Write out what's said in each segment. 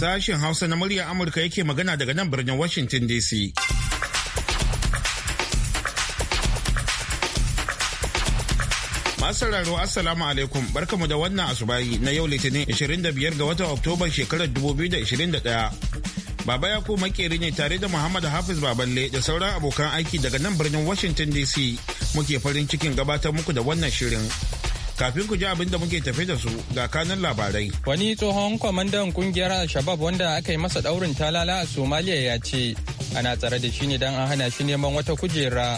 Sashen Hausa na murya Amurka yake magana daga nan birnin Washington DC. sauraro assalamu alaikum barkamu da wannan asubahi na yau litinin 25 ga watan oktoba shekarar 2021 baba ya makeri ne tare da muhammad hafiz baballe da sauran abokan aiki daga nan birnin washington dc muke farin cikin gabatar muku da wannan shirin. Kafin ku ji abin da muke tafe da su ga kanan labarai. Wani tsohon kwamandan kungiyar Al-Shabab wanda aka yi masa daurin talala a Somalia ya ce, ana tsare da shi ne don an hana shi neman wata kujera.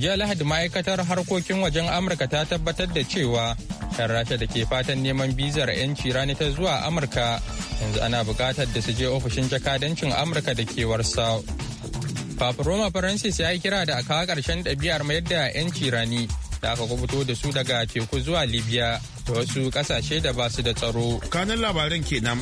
Jiya Lahadi ma'aikatar harkokin wajen Amurka ta tabbatar da cewa yan rasha da ke fatan neman bizar 'yanci rani ta zuwa amurka yanzu ana bukatar da su je ofishin jakadancin amurka da ke warsaw Papa Roma Francis ya yi kira da aka ƙarshen ɗabi'ar mayar da 'yanci rani da aka kubuto da su daga teku zuwa Libya da wasu ƙasashe da ba su da tsaro. Kanan labaran kenan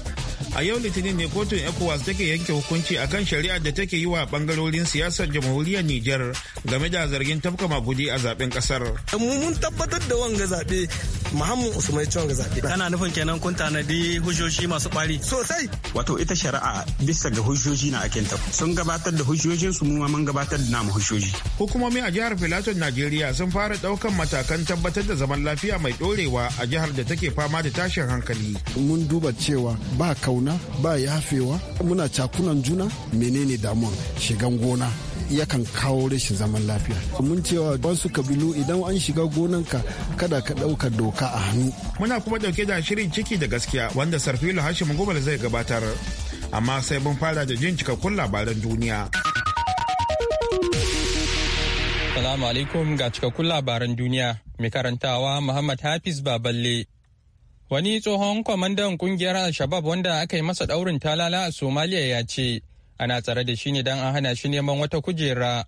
a yau litinin ne kotun ecowas take yanke hukunci akan shari'ar da take yi wa bangarorin siyasar jamhuriyar niger game da zargin tafka magudi a zaben kasar mun tabbatar da wanga zabe muhammad usman ci wanga zabe kana nufin kenan kun tanadi hujjoji masu kwari sosai wato ita shari'a bisa ga hujjoji na akin ta sun gabatar da hujjojin su mu mun gabatar da namu hujjoji hukumomi a jihar Filato najeriya sun fara daukan matakan tabbatar da zaman lafiya mai dorewa a jihar da take fama da tashin hankali mun duba cewa ba kauna juna ba yafewa muna cakunan juna menene damuwa shigan gona yakan kawo rashin zaman lafiya mun cewa wasu kabilu idan an shiga gonanka kada ka ɗaukar doka a hannu muna kuma ɗauke da shirin ciki da gaskiya wanda sarfilo hashim gobal zai gabatar amma sai mun fara da jin cikakkun labaran duniya Salamu alaikum ga cikakkun labaran duniya mai karantawa Muhammad Hafiz Baballe Wani tsohon kwamandan kungiyar Al-Shabab wanda aka yi masa ɗaurin talala a Somalia ya ce, ana tsare da shi ne don an hana shi neman wata kujera.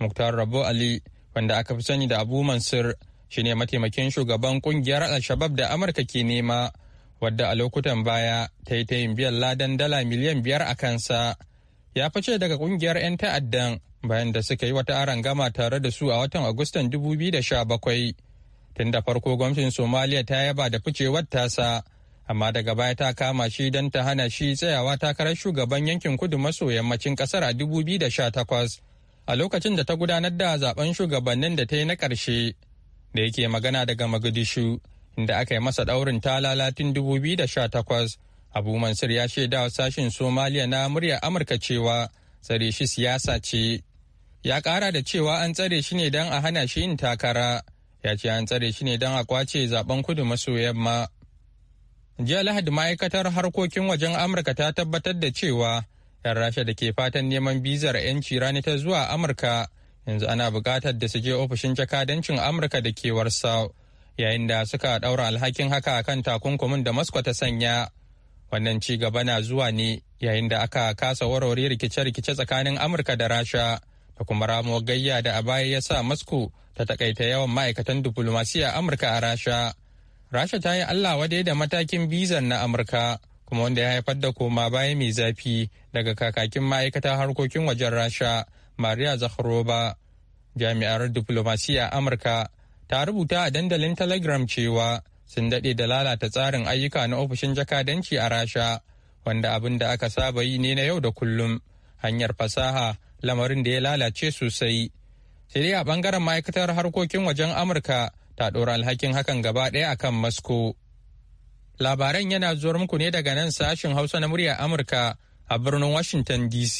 Muktar Rabo Ali, wanda aka fi sani da Abu Mansur, shi ne mataimakin shugaban kungiyar Al-Shabab da Amurka ke nema, wadda a lokutan baya ta yi ta biyan ladan dala miliyan biyar a kansa. Ya fice daga kungiyar 'yan ta'addan bayan da suka yi wata arangama tare da su a watan Agustan 2017. Tun da farko gwamnatin Somaliya ta yaba da ficewar tasa, amma daga baya ta kama shi don ta hana shi tsayawa takarar shugaban yankin kudu maso yammacin kasar a 2018 a lokacin da ta gudanar da zaben shugabannin da ta yi na karshe, da yake magana daga Magadishu inda aka yi masa ɗaurin talala tun 2018. Abu Mansur ya shaida wa sashin Somaliya na muryar Amurka cewa tsare shi siyasa ce. Ya ƙara da cewa an tsare shi ne don a hana shi yin takara. ya ce an tsare shi ne don a kwace zaben kudu maso yamma jiya lahadi ma'aikatar harkokin wajen amurka ta tabbatar da cewa 'yan rasha da ke fatan neman bizar 'yanci rani ta zuwa amurka yanzu ana buƙatar da su je ofishin jakadancin amurka da ke warsa. yayin da suka ɗaura alhakin haka a kan takunkumin da moscow ta sanya wannan ci gaba na zuwa ne yayin da aka kasa warware rikice-rikice tsakanin amurka da rasha da kuma ramuwar gayya da a baya ya sa moscow ta takaita yawan ma'aikatan diflomasiya Amurka a Rasha. Rasha ta yi Allah wadai da matakin bizan na Amurka kuma wanda ya haifar da koma baya mai zafi daga kakakin ma'aikatan harkokin wajen Rasha Maria Zakharova. Jami'ar diplomasiya Amurka ta rubuta a dandalin Telegram cewa sun daɗe da lalata tsarin ayyuka na ofishin jakadanci a Rasha wanda abin da aka saba yi ne na yau da kullum hanyar fasaha lamarin da ya lalace sosai. sai a bangaren ma'aikatar harkokin wajen amurka ta ɗora alhakin hakan gaba ɗaya akan masko labaran yana zuwar muku ne daga nan sashin hausa na murya amurka a birnin washington dc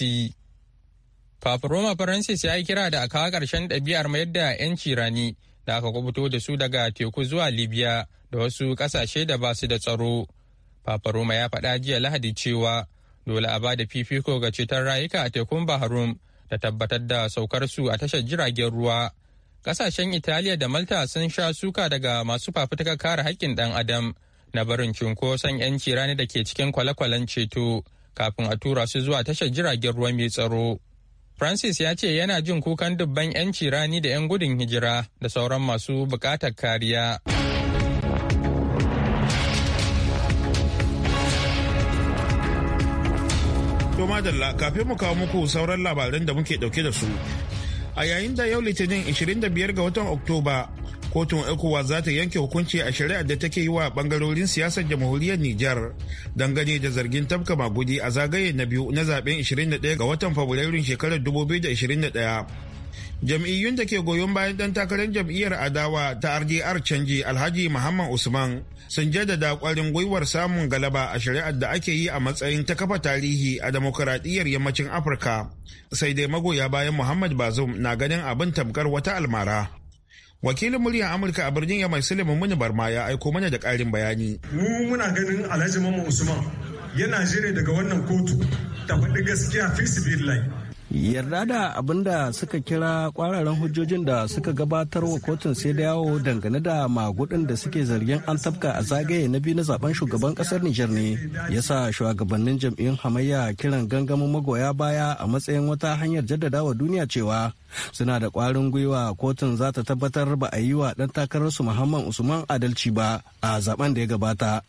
Roma Francis ya yi kira da a kawo ƙarshen ɗabi'ar mayar da 'yanci rani da aka kubuto da su daga teku zuwa Libya da wasu ƙasashe da ba su da tsaro. Roma ya faɗa jiya Lahadi cewa dole a ba da fifiko ga ceton rayuka a tekun Bahrum ta tabbatar da saukar su a tashar jiragen ruwa kasashen italiya da malta sun sha suka daga masu fafutukar kare haƙƙin ɗan adam na barin cunkoson 'yanci rani da ke cikin kwale-kwalen ceto kafin a tura su zuwa tashar jiragen ruwa mai tsaro francis ya ce yana jin kukan dubban 'yanci rani da 'yan gudun hijira da sauran masu bukatar kariya. To madalla kafin mu kawo muku sauran labaran da muke dauke da su. A yayin da yau Litinin 25 ga watan Oktoba, kotun ECOWAS za ta yanke hukunci a shari'ar da take yi wa bangarorin siyasar jamhuriyar Nijar dangane da zargin tabka magudi a zagaye na biyu na zaben 21 ga watan Fabrairun shekarar 2021. jam'iyyun da ke goyon bayan dan takarar jam'iyyar adawa ta rdr canji alhaji muhammad usman sun jaddada kwarin gwiwar samun galaba a shari'ar da ake yi a matsayin ta kafa tarihi a demokuraɗiyyar yammacin afirka sai dai magoya bayan muhammad bazum na ganin abin tamkar wata almara wakilin muryar amurka a birnin yamai suleiman muni barma ya aiko mana da ƙarin bayani mu muna ganin alhaji muhammad usman yana jire daga wannan kotu ta faɗi gaskiya fisibilai yarda da abin da suka kira kwararen hujjojin da suka gabatar wa kotun sai da yawo dangane da magudin da suke zargin an tafka a zagaye na biyu na zaben shugaban kasar Nijar ne ya sa shugabannin jam'iyyun hamayya kiran gangamin magoya baya a matsayin wata hanyar jaddadawa duniya cewa suna da kwarin gwiwa kotun za ta tabbatar ba a yi wa ɗan takararsu muhammad usman adalci ba a zaben da ya gabata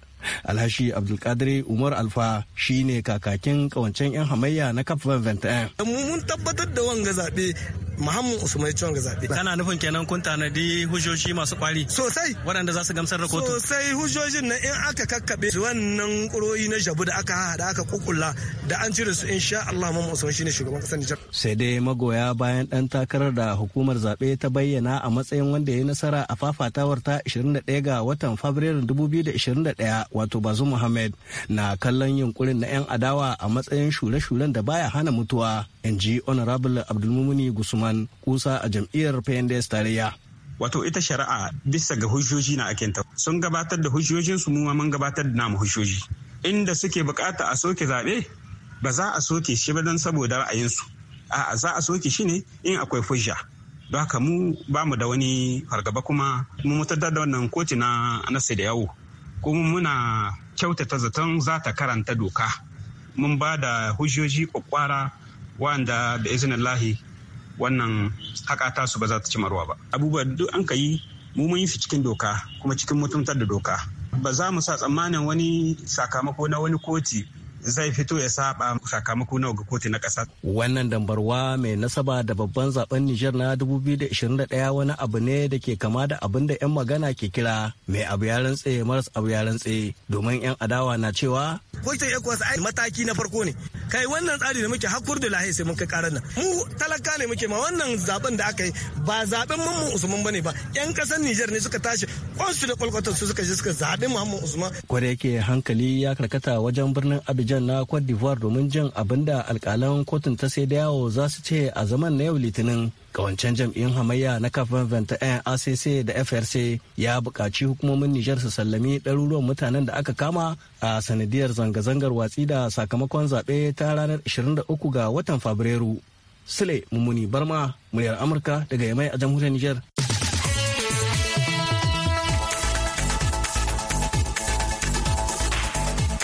alhashi abdulkadir umar alfa shine kakakin kawancen yan hamayya na kafin 21 mun tabbatar da wanga zaɓe Muhammad Usman Ciwon ga zaɓe. Kana nufin kenan kun tanadi hujjoji masu kwari. Sosai. Waɗanda za su gamsar da kotu. Sosai hujjojin na in aka su wannan ƙuroyi na jabu da aka haɗa aka kukula da an cire su insha Allah Muhammad Usman shine shugaban ƙasar Nijar. Sai dai magoya bayan ɗan takarar da hukumar zaɓe ta bayyana a matsayin wanda ya yi nasara a fafatawar ta 21 ga watan Fabrairu 2021 wato bazu Muhammad na kallon yunkurin na 'yan adawa a matsayin shure-shuren da baya hana mutuwa. in ji honorable abdulmumuni gusman kusa a jam'iyyar pnds tarayya wato ita shari'a bisa ga hujjoji na akinta sun gabatar da hujjojinsu mu mun gabatar da namu hujjoji inda suke bukata a soke zaɓe ba za a soke shi ba don saboda ra'ayinsu a za a soke shi ne in akwai hujja don haka mu ba mu da wani fargaba kuma mu mutar da wannan koti na nasa da yawo kuma muna kyautata zaton za ta karanta doka mun ba da hujjoji kwakwara wanda da izinin lahi wannan haƙa su ba za ta ci maruwa ba abubuwa duk an ka yi mu mun yi su cikin doka kuma cikin mutuntar da doka ba za mu sa tsammanin wani sakamako na wani koti zai fito ya saba sakamako nawa ga kotu na ƙasa. Wannan dambarwa mai nasaba da babban zaben Nijar na 2021 wani abu ne da ke kama da abin da 'yan magana ke kira mai abu ya rantse maras abu ya rantse domin 'yan adawa na cewa. Kotun ECOWAS ai mataki na farko ne. Kai wannan tsari da muke hakur da lahi sai mun kai karar nan. Mu talaka ne muke ma wannan zaben da aka yi ba zaben mamu Usman bane ba. 'Yan ƙasar Nijar ne suka tashi kwansu da kwalkwatar su suka je suka zaben mamu Usman. Kwarai yake hankali ya karkata wajen birnin Abidjan Abidjan na Cote d'Ivoire domin jin abin da alkalan kotun ta sai da yawo za su ce a zaman na yau Litinin. Kawancen jam'iyyun hamayya na kafin 21 ACC da FRC ya buƙaci hukumomin Nijar su sallami ɗaruruwan mutanen da aka kama a sanadiyar zanga-zangar watsi da sakamakon zaɓe ta ranar 23 ga watan Fabrairu. Sule Mummuni Barma, muryar Amurka daga Yamai a jamhuriyar Nijar.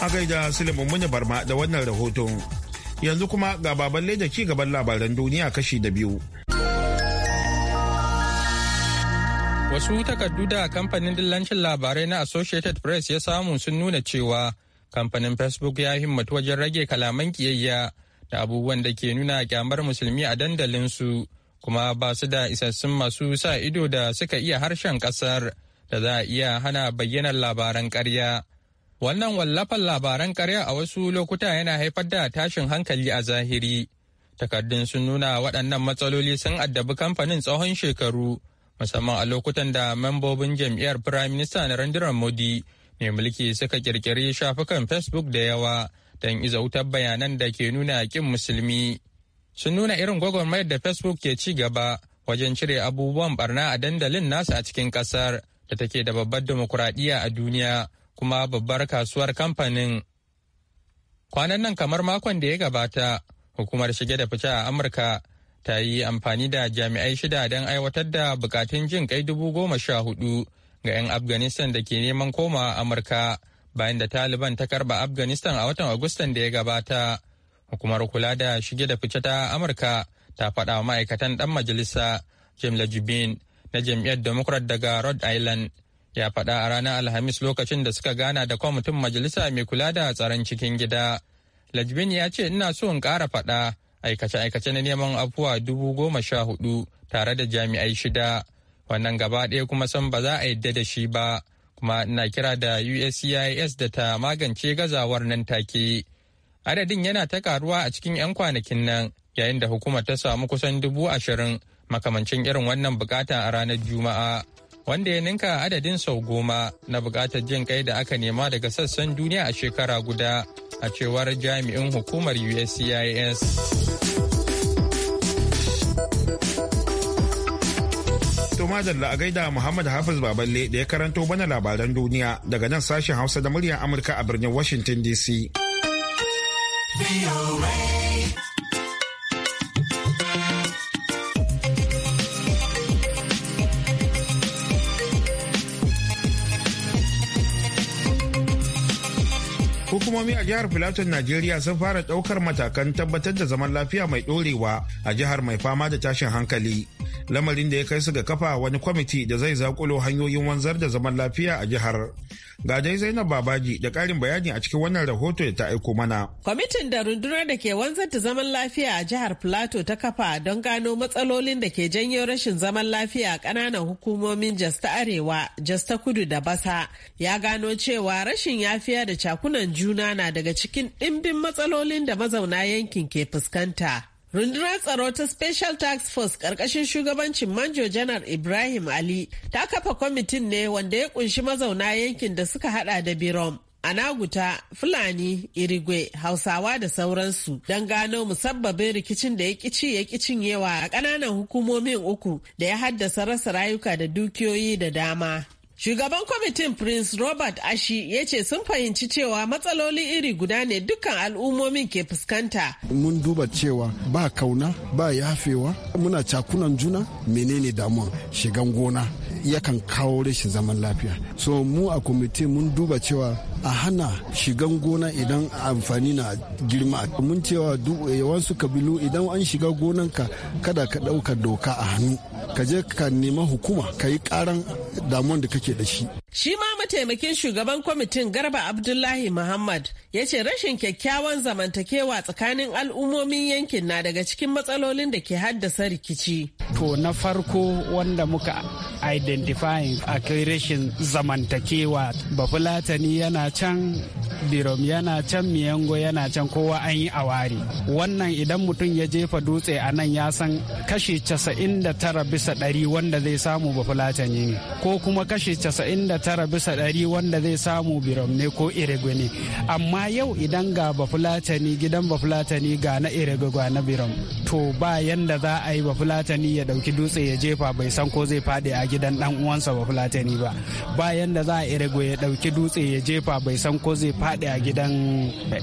A gaida Suleiman Munya Barma da wannan rahoton. Yanzu kuma ga baban leda ci gaban labaran duniya kashi da biyu. Wasu takardu da kamfanin dillancin labarai na Associated Press ya samu sun nuna cewa kamfanin Facebook ya himmatu wajen rage kalaman kiyayya da abubuwan da ke nuna kyamar musulmi a dandalin su kuma ba su da isassun masu sa ido da suka iya harshen kasar da za a iya hana bayyanar labaran karya Wannan wallafan labaran karya a wasu lokuta yana haifar da tashin hankali a zahiri. Takardun sun nuna waɗannan matsaloli sun addabi kamfanin tsawon shekaru, musamman a lokutan da membobin jam'iyyar firaminista na Narendra Modi mai mulki suka ƙirƙiri shafukan Facebook da yawa don iza wutar bayanan da ke nuna ƙin musulmi. Sun nuna irin gwagwarmayar da Facebook ke ci gaba wajen cire abubuwan barna a dandalin nasa a cikin ƙasar da take da babbar dimokuraɗiyya a duniya. kuma babbar kasuwar kamfanin. Kwanan nan kamar makon da ya gabata, hukumar shige da fice a Amurka ta yi amfani da jami'ai shida don aiwatar da bukatun jin kai dubu goma sha hudu ga 'yan Afghanistan da ke neman komawa Amurka bayan da Taliban ta karba Afghanistan a watan Agustan da ya gabata. Hukumar kula da shige da fice ta Amurka ta faɗa ma'aikatan ɗan majalisa Jim Lajibin na jam'iyyar Democrat daga Rhode Island ya faɗa a ranar alhamis lokacin da suka gana da kwamitin majalisa mai kula da tsaron cikin gida lajbin ya ce ina so in ƙara faɗa aikace-aikace na neman afuwa dubu goma sha hudu tare da jami'ai shida wannan gaba ɗaya kuma san ba za a yadda da shi ba kuma ina kira da uscis da ta magance gazawar nan take adadin yana ta karuwa a cikin 'yan kwanakin nan yayin da hukumar ta samu kusan dubu ashirin makamancin irin wannan bukata a ranar juma'a wanda ya ninka adadin sau goma na bukatar jin kai da aka nema daga sassan duniya a shekara guda a cewar jami'in hukumar uscis madalla a gaida Muhammad Hafiz Baballe da ya karanto bana labaran duniya daga nan sashen Hausa da muryar Amurka a birnin Washington DC. Hukumomi a jihar Filaton Najeriya sun fara ɗaukar matakan tabbatar da zaman lafiya mai ɗorewa a jihar mai fama da tashin hankali. lamarin da ya kai su ga kafa wani kwamiti da zai zakulo hanyoyin wanzar da zaman lafiya a jihar. Ga dai Zainab Babaji da ƙarin bayani a cikin wannan rahoto da ta aiko mana. Kwamitin da rundunar da ke wanzar da zaman lafiya a jihar Plateau ta kafa don gano matsalolin da ke janyo rashin zaman lafiya a ƙananan hukumomin Jas ta Arewa, Jas ta Kudu da Basa ya gano cewa rashin yafiya da cakunan juna na daga cikin ɗimbin matsalolin da mazauna yankin ke fuskanta. Rundunar tsaro ta Special Task Force ƙarƙashin shugabancin Manjo Janar Ibrahim Ali ta kafa kwamitin ne wanda ya kunshi mazauna yankin da suka hada da Birom. Anaguta, Fulani, Irigwe, Hausawa da sauransu don gano musabbabin rikicin da ya kici ya yawa a ƙananan hukumomin uku da ya haddasa rasa rayuka da dukiyoyi da dama. Shugaban kwamitin Prince Robert Ashi ya ce sun fahimci cewa matsaloli iri guda ne dukkan al'ummomin ke fuskanta. Mun duba cewa ba kauna, ba yafewa, muna cakunan juna menene damuwa shigan gona yakan kawo rashin zaman lafiya. So mu a kwamitin mun duba cewa a hana shigan gona idan amfani na girma. Mun cewa duk yawansu eh, kabilu idan an shiga gonanka kada ka ɗauka doka a hannu. ka je ka nema hukuma ka yi karan damuwan da kake da shi Shi ma mataimakin shugaban kwamitin Garba Abdullahi Muhammad ya ce rashin kyakkyawan zamantakewa tsakanin al'ummomin yankin na daga cikin matsalolin da ke haddasa rikici. To na farko wanda muka identifying a kai rashin zamantakewa bafulatani yana can birom yana can miyango yana can kowa an yi awari. Wannan idan mutum ya jefa dutse a nan ya san kashi 99 bisa ɗari wanda zai samu bafulatani ne ko kuma kashi 99 tara bisa ɗari wanda zai samu biram ne ko irigwe ne amma yau idan ga bafulatani gidan bafulatani ga na irigwe ga na biram to ba yanda za a yi bafulatani ya ɗauki dutse ya jefa bai san ko zai faɗi a gidan ɗan uwansa bafulatani ba ba yanda za a irigwe ya ɗauki dutse ya jefa bai san ko zai faɗi a gidan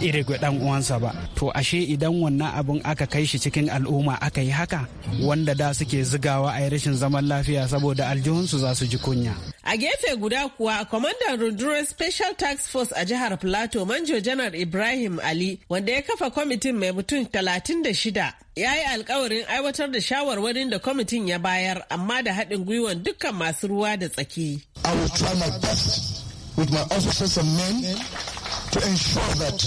irigwe ɗan uwansa ba to ashe idan wannan abin aka kai shi cikin al'umma aka yi haka wanda da suke zigawa a rashin zaman lafiya saboda aljihunsu za su ji kunya A gefe guda kuwa, kwamandan rundunar Special Task Force a jihar Plateau Manjo Janar Ibrahim Ali, wanda ya kafa kwamitin mai mutum 36, ya yi alkawarin aiwatar da shawarwarin da kwamitin ya bayar, amma da haɗin gwiwan dukkan masu ruwa da tsaki. I will try my best with my officers and men to ensure that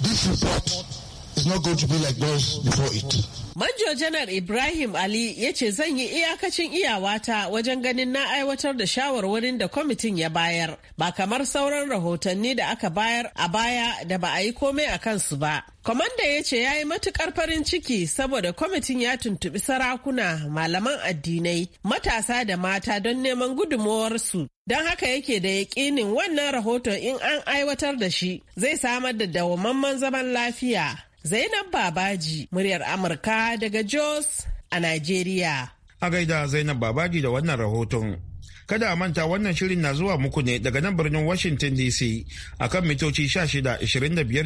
this report It's not going to be like those before it. Manjo Janar Ibrahim Ali ya ce zan yi iyakacin iyawata wajen ganin na aiwatar da shawarwarin da kwamitin ya bayar, ba kamar sauran rahotanni da aka bayar a baya da ba a yi komai a kansu ba. Kwamanda ya ce ya yi matukar farin ciki saboda kwamitin ya tuntubi sarakuna, malaman addinai, matasa da mata don neman gudunmawarsu. Don haka yake da yaƙinin wannan rahoton in an aiwatar da shi zai samar da dawamamman zaman lafiya. Zainab Babaji, muryar Amurka daga Jos a Najeriya. A gaida Zainab Babaji da wannan rahoton. Kada a manta wannan shirin na zuwa muku ne daga nan birnin Washington DC a kan mitoci 16,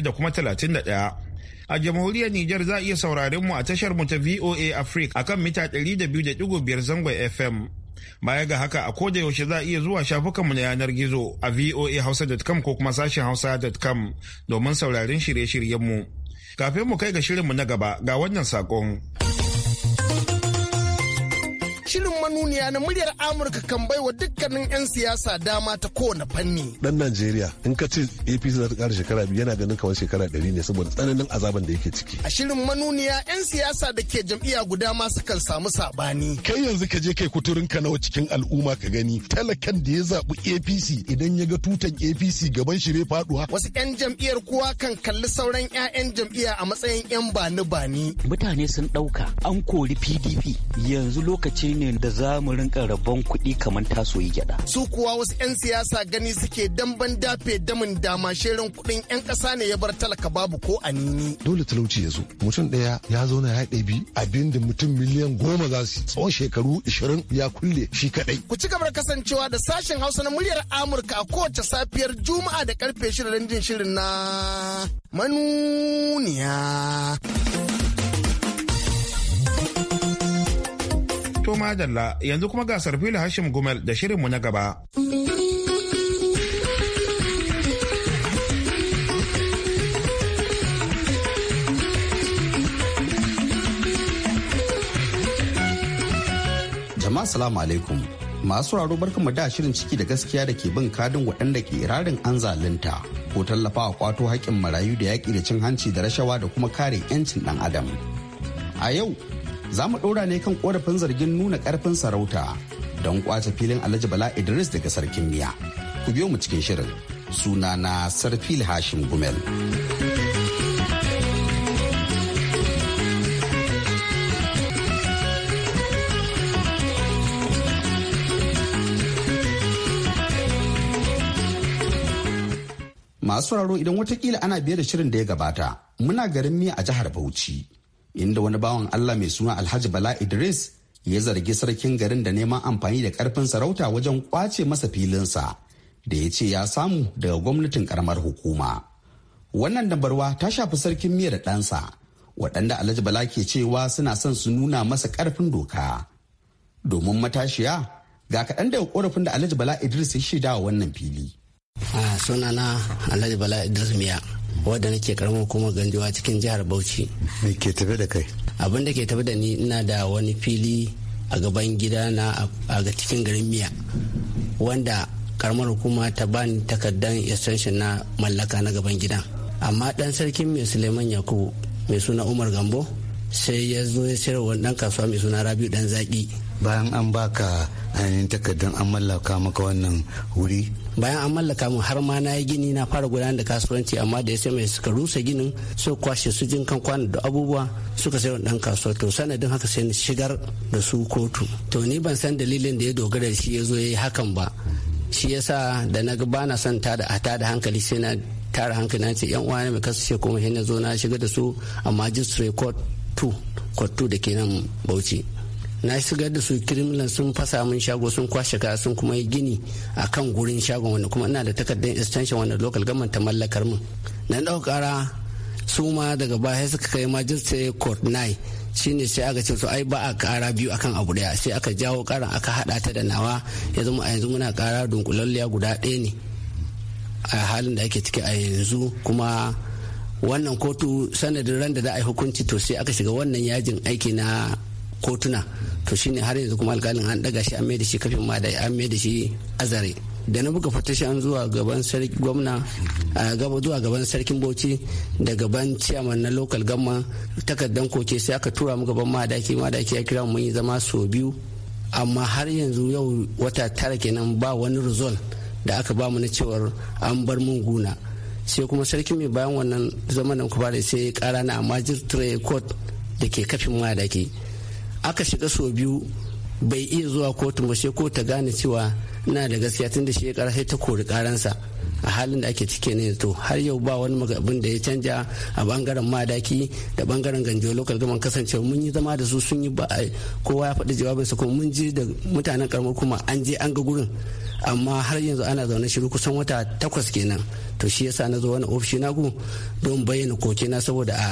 da kuma 31. a jamhuriyar Nijar za iya sauraren mu a tashar mu ta VOA Africa akan mita 200.5 zangon FM. Baya ga haka a koda yaushe za a iya zuwa shafukanmu na yanar gizo a voahausa.com ko kuma sashen hausa.com domin sauraren shirye-shiryenmu. mu. Kafin mu kai ga shirinmu na gaba ga wannan sakon. shirin manuniya na muryar Amurka kan baiwa dukkanin 'yan siyasa dama ta kowane fanni. Dan Najeriya in ka ce APC za ta kara shekara biyu yana ganin kamar shekara ɗari ne saboda tsananin azaban da yake ciki. A shirin manuniya 'yan siyasa da ke jam'iyya guda ma sukan samu sabani. Kai yanzu ka je kai kuturin ka nawa cikin al'umma ka gani talakan da ya zaɓi APC idan ya ga tutan APC gaban shi bai faɗuwa. Wasu 'yan jam'iyyar kuwa kan kalli sauran 'ya'yan jam'iyya a matsayin 'yan bani bani. Mutane sun ɗauka an kori PDP yanzu lokaci ne ne da za mu rinka rabon kuɗi kamar yi gyaɗa. Su kuwa wasu 'yan siyasa gani suke damban dafe damin dama shirin kuɗin 'yan ƙasa ne ya bar talaka babu ko a nini. Dole talauci ya zo. Mutum ɗaya ya zauna ya ɗabi abin da mutum miliyan goma za su tsawon shekaru 20 ya kulle shi kaɗai. Ku ci gaba kasancewa da sashen Hausa na muryar Amurka a kowace safiyar Juma'a da karfe shirin jin shirin na manuniya. To madalla yanzu kuma ga Sarfila Hashim Gumel da shirinmu na gaba. Jama'a salamu alaikum. Masu raro barkanmu da shirin ciki da gaskiya da ke bin kadin waɗanda ke rarin an zalunta ko tallafawa kwato haƙƙin marayu da yaƙi da cin hanci da rashawa da kuma kare 'yancin ɗan adam. A yau za mu ɗora ne kan ƙorafin zargin nuna ƙarfin sarauta don kwace filin alhaji bala idris daga sarkin miya ku biyo mu cikin shirin suna na sarfil hashim gumel masu sauraro idan watakila ana biye da shirin da ya gabata muna garin miya a jihar bauchi inda wani bawan Allah mai suna Alhaji Bala Idris ya zargi sarkin garin da neman amfani da karfin sarauta wajen kwace masa filinsa da ya ce ya samu daga gwamnatin karamar hukuma. Wannan dabarwa ta shafi sarkin miyar da ɗansa, waɗanda Alhaji Bala ke cewa suna son su nuna masa karfin doka. Domin matashiya, ga kaɗan daga korafin da Alhaji Bala Idris ya shida wa wannan fili. Ah, sunana Alhaji Bala Idris Miya. wadda nake karamar hukumar ganjuwa cikin jihar bauchi me ke tafi da kai abin da ke tafi da ni ina da wani fili a gaban gida na a ga cikin garin miya wanda karamar hukuma ta bani takardar extension na mallaka na gaban gida. amma dan sarkin mai suleiman yakubu mai suna umar gambo sai ya zo ya sayar wa dan kasuwa mai suna rabiu dan zaki bayan an baka ainihin takardun an mallaka maka wannan wuri bayan an mallaka mu har ma na yi gini na fara gudanar da kasuwanci amma da ya sai mai suka rusa ginin su kwashe su jin kan kwana da abubuwa suka sayo dan kasuwa to sanadin haka sai ni shigar da su kotu to ni ban san dalilin da ya dogara shi ya zo ya yi hakan ba shi yasa da na ga bana son ta da da hankali sai na tara hankali na ce yan uwa mai kasance kuma na zo na shiga da su a just court 2 court 2 da ke nan bauchi na shigar da su kremlin sun fasa min shago sun kwashe kaya sun kuma yi gini a kan gurin shagon wanda kuma ina da takardar extension wanda local government ta mallakar min na ɗau kara su ma daga baya suka kai majistare court 9 shine sai aka ce su ai ba a kara biyu akan abu daya sai aka jawo karan aka hada ta da nawa ya zama a yanzu muna kara dunkulalliya guda ɗaya ne a halin da ake ciki a yanzu kuma wannan kotu sanadin ran da za a yi hukunci to sai aka shiga wannan yajin aiki na kotuna to shine har yanzu kuma alkalin an daga shi an da shi kafin ma da an da shi azare da na buga an zuwa gaban sarki gwamna gaba zuwa gaban sarkin bauchi da gaban ciyaman na local gamma takardan koke sai aka tura mu gaban madaki madaki ya kira mun yi zama sau biyu amma har yanzu yau wata tara kenan ba wani result da aka ba mu na cewar an bar mun guna sai kuma sarki mai bayan wannan zaman da kuma sai kara na majistare court da ke kafin madaki aka shiga sau biyu bai iya zuwa kotun ba sai ko ta gane cewa na da gaskiya tun da shi ya sai ta kori karansa a halin da ake cike ne to har yau ba wani abin da ya canja a bangaren madaki da bangaren ganjo lokal gaman kasancewa mun yi zama da su sun yi ba kowa ya faɗi jawabin jawabinsa kuma mun je da mutanen karamar kuma an je an ga gurin amma har yanzu ana zaune shiru kusan wata takwas kenan to shi yasa na zo wani ofishi naku don bayyana koke na saboda a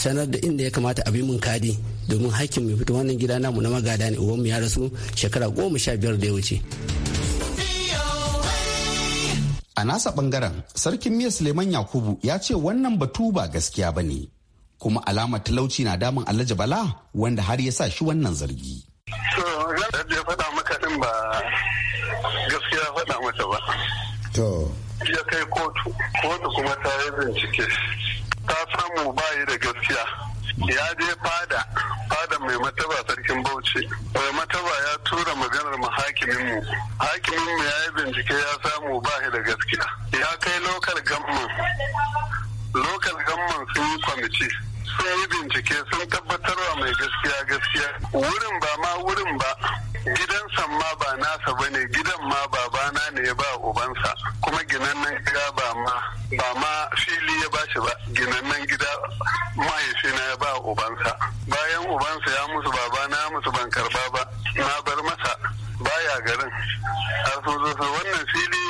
sanar da inda ya kamata a bi mun kadi domin hakkin mai fito wannan gida namu na magada ne uwanmu ya rasu shekara goma sha biyar da ya wuce. A nasa bangaren sarkin miya Suleiman Yakubu ya ce wannan batu ba gaskiya ba ne kuma alamar talauci na damun Alhaji Bala wanda har ya sa shi wannan zargi. To. Ya kai kotu, kotu kuma ta yi bincike. Ta samu bayi da gaskiya. ya je fada fada mai mataba sarkin bauchi mai mataba ya tura maganar mu hakimin hakimin mu ya yi bincike ya samu ba da gaskiya ya kai lokal gamman lokal gamman sun yi kwamiti sun yi bincike sun tabbatar wa mai gaskiya gaskiya wurin ba ma wurin ba gidan ma ba nasa ba ne, gidan ma babana ne ya ba ubansa kuma nan gida ba ma ba ma fili ya bashi ba nan gida ubansa bayan ubansa ya musu baba na musu ban karba ba na bar masa baya garin har sun zo wannan fili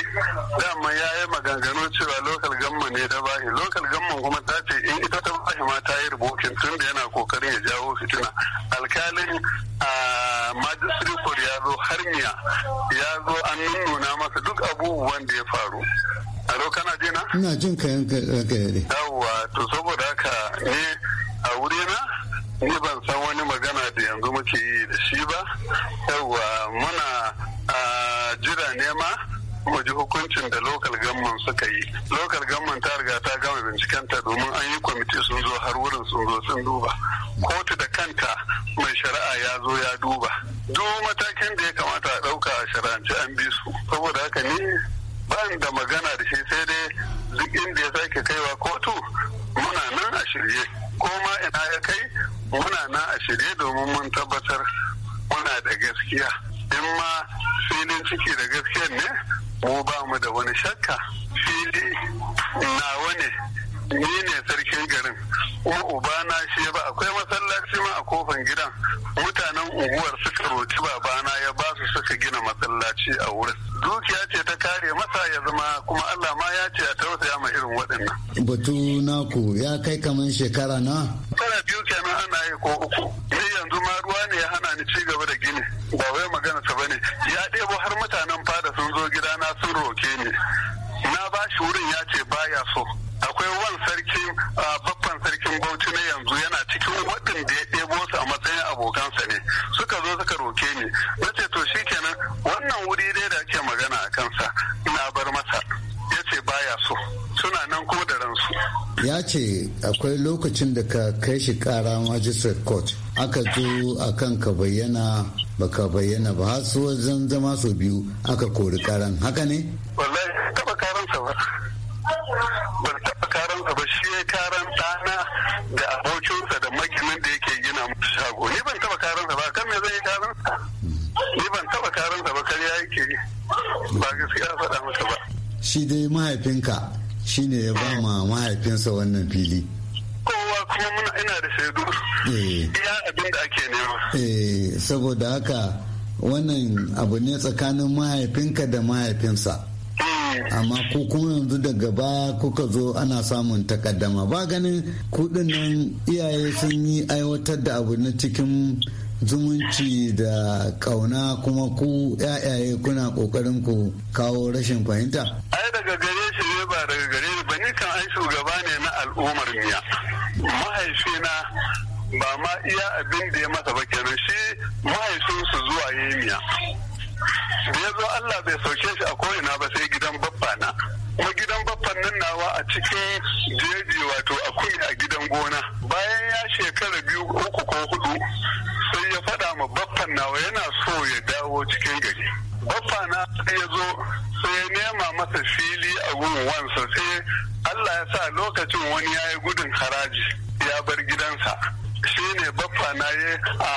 dama ya yi maganganu cewa lokal gamma ne ta bashi lokal gamman kuma ta ce in ita ta bahi ma ta yi rubokin tun da yana kokarin ya jawo fitina alkalin a magistrate ya zo har miya ya zo an nuna masa duk abubuwan da ya faru a jina? ina jin kayan kayan yawwa to muke da shi ba yauwa muna jira nema mu ji hukuncin da lokal gamman suka yi lokal gamman ta riga ta gama bincikenta domin an yi kwamiti sun zo har wurin sun zo sun duba kotu da kanta mai shari'a ya zo ya duba gaskiya in ma filin ciki da gaskiya ne mu ba mu da wani shakka fili nawa ne ni ne sarkin garin kuma ubana shi ba akwai masallaci ma a kofan gidan mutanen unguwar suka roci babana ya ba su suka gina masallaci a wurin dukiya ce ta kare masa ya zama kuma Allah ma ya ce a tausaya ma irin waɗannan batu naku ya kai kamar shekara na biyu kenan ana yi ko uku ba wai magana sa bane ya ɗebo har mutanen fada sun zo gida na sun roke ni na ba shi wurin ya ce baya so akwai wan sarki babban sarkin bauchi na yanzu yana cikin da ya ɗebo su a matsayin abokansa ne suka zo suka roke ni na ce to kenan, wannan wuri dai da ake magana a kansa na bar masa ya ce baya so suna nan kuma da ransu ya ce akwai lokacin da ka kai shi kara majistar court aka zo a kan ka bayyana baka bayyana ba har su wajen zama su biyu aka kori karan haka ne? wallahi taba karansa ba ban taba karansa ba shi ya karan ɗana da abokinsa da makinin da yake gina musu shago ni ban taba karansa ba kan me zai karansa ni ban taba karansa ba kariya yake ba gaskiya faɗa masa ba shi dai mahaifinka shine ya ba ma mahaifinsa wannan fili kowa kuma muna ina da shaidu eh. iya abin da ake Eh, saboda haka wannan abu ne tsakanin mahaifinka da mahaifinsa amma ko kuma yanzu daga ba kuka zo ana samun takaddama ba ganin kudin nan iyaye sun yi aiwatar da abu na cikin zumunci da kauna kuma ku yayaye kuna kokarin ku kawo rashin fahimta ai daga gare shi ne ba daga gare ni ba ni kan ai shugaba ne na al'ummar miya mahaifina ba ma iya abin da ya masa ba kenan shi mahaifinsu zuwa yemiya da ya zo Allah bai sauke shi a ko'ina ba sai gidan babba na kuma gidan babban nan nawa a cikin jeji wato akwai a gidan gona bayan ya shekara biyu uku ko hudu sai ya faɗa ma babban nawa yana so ya dawo cikin gari babba na sai ya zo sai ya nema masa fili a gurin wansa sai Allah ya sa lokacin wani ya yi gudun haraji ya bar gidansa shi ne baffa na ya a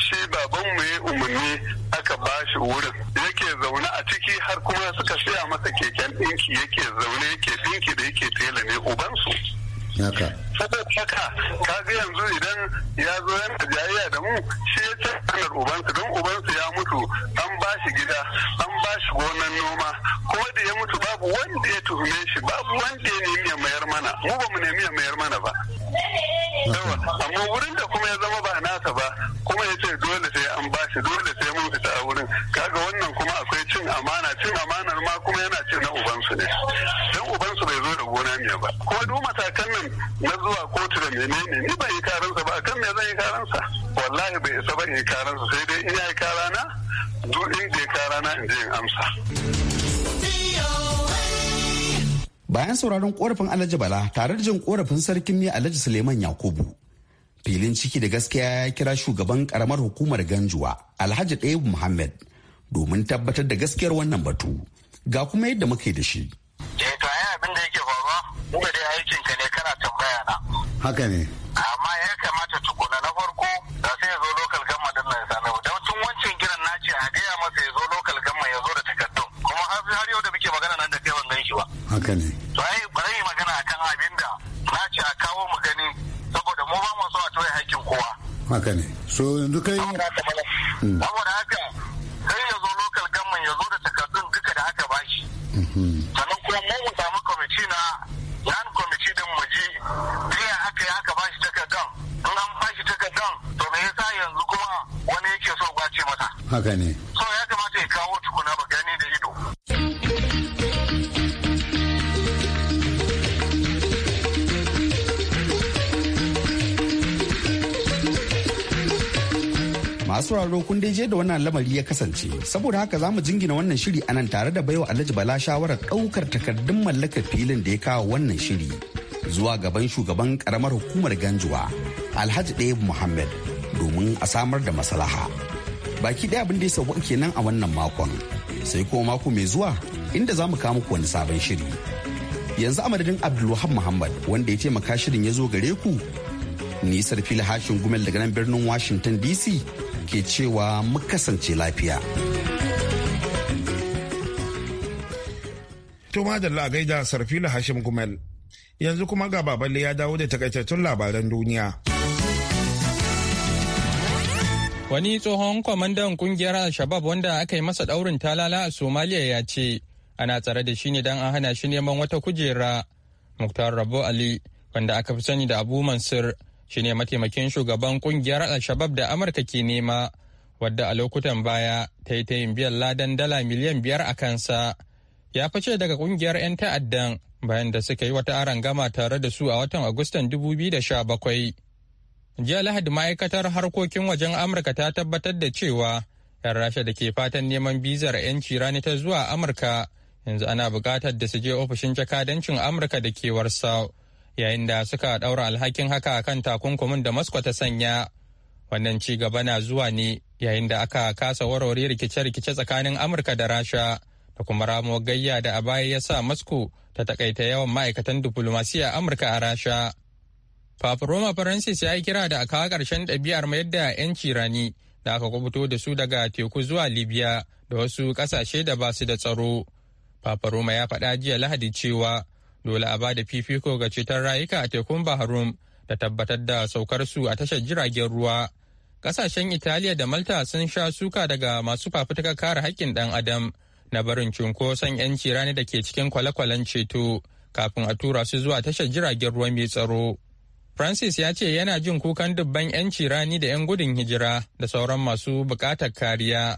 shi baban mu ya umarni aka ba shi wurin yake zaune a ciki har kuma suka siya masa keken ɗinki yake zaune yake ɗinki da yake tela ne ubansu haka haka ga yanzu idan ya zo yana jayayya da mu shi ya ce kanar ubansu don ubansu ya mutu an ba shi gida an ba shi gonan noma kuma da ya mutu babu wanda ya tuhume shi babu wanda ya nemi ya mayar mana mu ba mu nemi ya mayar mana ba amma wurin da kuma ya zama ba nasa ba kuma ya ce dole sai an bashi dole sai mun fita a wurin kaga wannan kuma akwai cin amana cin amanar ma kuma yana ce na ubansu ne dan ubansu bai zo da gona ne ba kuma duk matakan nan na zuwa kotu da menene ni ban yi karansa ba akan me zan yi karansa wallahi bai isa ba yi karansa sai dai in ya yi karana duk inda ya karana in je in amsa bayan sauraron korafin alhaji bala tare da jin korafin sarkin ne alhaji suleiman yakubu filin ciki da gaskiya ya kira shugaban karamar hukumar ganjuwa alhaji ɗaya muhammad domin tabbatar da gaskiyar wannan batu ga kuma yadda muke da shi eh, da yake faruwa ne kana tambaya na haka ne amma ya kamata tukuna na farko da sai ya zo local gamma din nan sanar don tun wancan kiran na ce a gaya masa ya zo local gama ya zo da takardun kuma har yau da muke magana nan da kai ban gan shi ba haka ne haka ne so yanzu kai gargajiyar da wannan lamari ya kasance saboda haka za mu jingina wannan shiri a nan tare da baiwa alhaji bala shawarar daukar takardun mallakar filin da ya kawo wannan shiri zuwa gaban shugaban karamar hukumar ganjuwa alhaji ɗaya muhammad domin a samar da maslaha baki ɗaya abin da ya sauwa kenan a wannan makon sai kuma mako mai zuwa inda zamu kawo muku wani sabon shiri yanzu a madadin abdulwahab muhammad wanda ya taimaka shirin ya zo gare ku nisar fili hashin gumel daga nan birnin washington dc ke cewa mu kasance lafiya. Tuma da gaida Sarfila Hashim Gumel. Yanzu kuma ga baballe ya dawo da takaitattun labaran duniya. Wani tsohon kwamandan kungiyar Al-Shabab wanda aka yi masa daurin talala a Somaliya ya ce, ana tsare da shi ne don an hana shi neman wata kujera. Muktar Rabo Ali, wanda aka fi sani da Abu Mansur, shine mataimakin shugaban kungiyar al-shabab da amurka ke nema wadda a lokutan baya ta yi ta yin biyan ladan dala miliyan biyar a kansa ya fice daga kungiyar 'yan ta'addan bayan da suka yi wata aron gama tare da su a watan agustan 2017 jiya lahadi ma'aikatar harkokin wajen amurka ta tabbatar da cewa 'yan rasha da ke fatan neman bizar 'yanci rani ta zuwa amurka yanzu ana bukatar da su je ofishin jakadancin amurka da ke warsaw yayin da suka ɗaura alhakin haka kan takunkumin da Moscow ta sanya. Wannan ci gaba na zuwa ne yayin da aka kasa warware rikice-rikice tsakanin Amurka da Rasha da kuma ramuwar gayya da a baya ya sa Moscow ta takaita yawan ma'aikatan diplomasiya Amurka a Rasha. Papa Roma Francis ya yi kira da a kawo ƙarshen ɗabi'ar mayar da 'yan cirani da aka kubuto da su daga teku zuwa Libya da wasu ƙasashe da ba su da tsaro. Papa Roma ya faɗa jiya Lahadi cewa dole a ba da fifiko ga ceton rayuka a tekun baharun da tabbatar da saukar su a tashar jiragen ruwa. Kasashen Italiya da Malta sun sha suka daga masu fafutukar kare haƙƙin ɗan Adam na barin cunkoson 'yanci rani da ke cikin kwale-kwalen ceto kafin a tura su zuwa tashar jiragen ruwa mai tsaro. Francis ya ce yana jin kukan dubban 'yanci rani da 'yan gudun hijira da sauran masu bukatar kariya.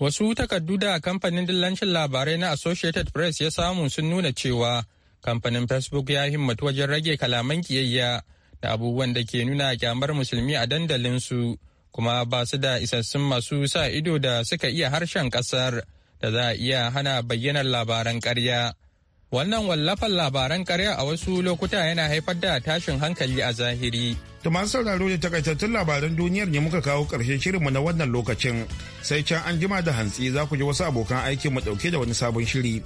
Wasu takardu da kamfanin dillancin labarai na Associated Press ya samu sun nuna cewa kamfanin Facebook ya himmatu wajen rage kalaman kiyayya da abubuwan da ke nuna kyamar musulmi a dandalinsu kuma ba su da isassun masu sa ido da suka iya harshen ƙasar da za a iya hana bayyanar labaran ƙarya. Wannan wallafan labaran karya a wasu lokuta yana haifar da tashin hankali a zahiri. Da masu sauraro da takaitattun labaran duniyar ne muka kawo ƙarshen shirinmu na wannan lokacin. Sai can an jima da hantsi za ku ji wasu abokan aikin mu ɗauke da wani sabon shiri.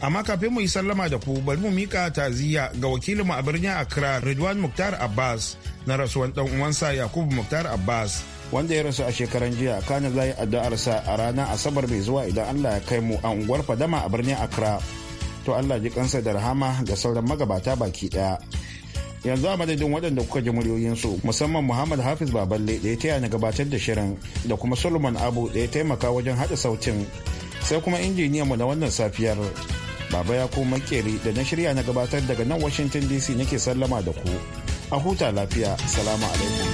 Amma kafin mu yi sallama da ku bari mu mika taziya ga wakilin mu a birnin Accra Ridwan Muktar Abbas na rasuwan dan uwansa Yakubu Muktar Abbas. wanda ya rasu a shekaran jiya kana zai addu'arsa a ranar asabar mai zuwa idan allah ya kai mu a unguwar fadama a birnin accra to Allah ji kansa da rahama ga sauran magabata baki daya yanzu a madadin waɗanda kuka ji muryoyinsu musamman muhammad hafiz baballe da ya taya na gabatar da shirin da kuma solomon abu da ya taimaka wajen haɗa sautin sai kuma injiniya mu na wannan safiyar baba ya kuma makeri da na shirya na gabatar daga nan washington dc nake sallama da ku a huta lafiya salamu alaikum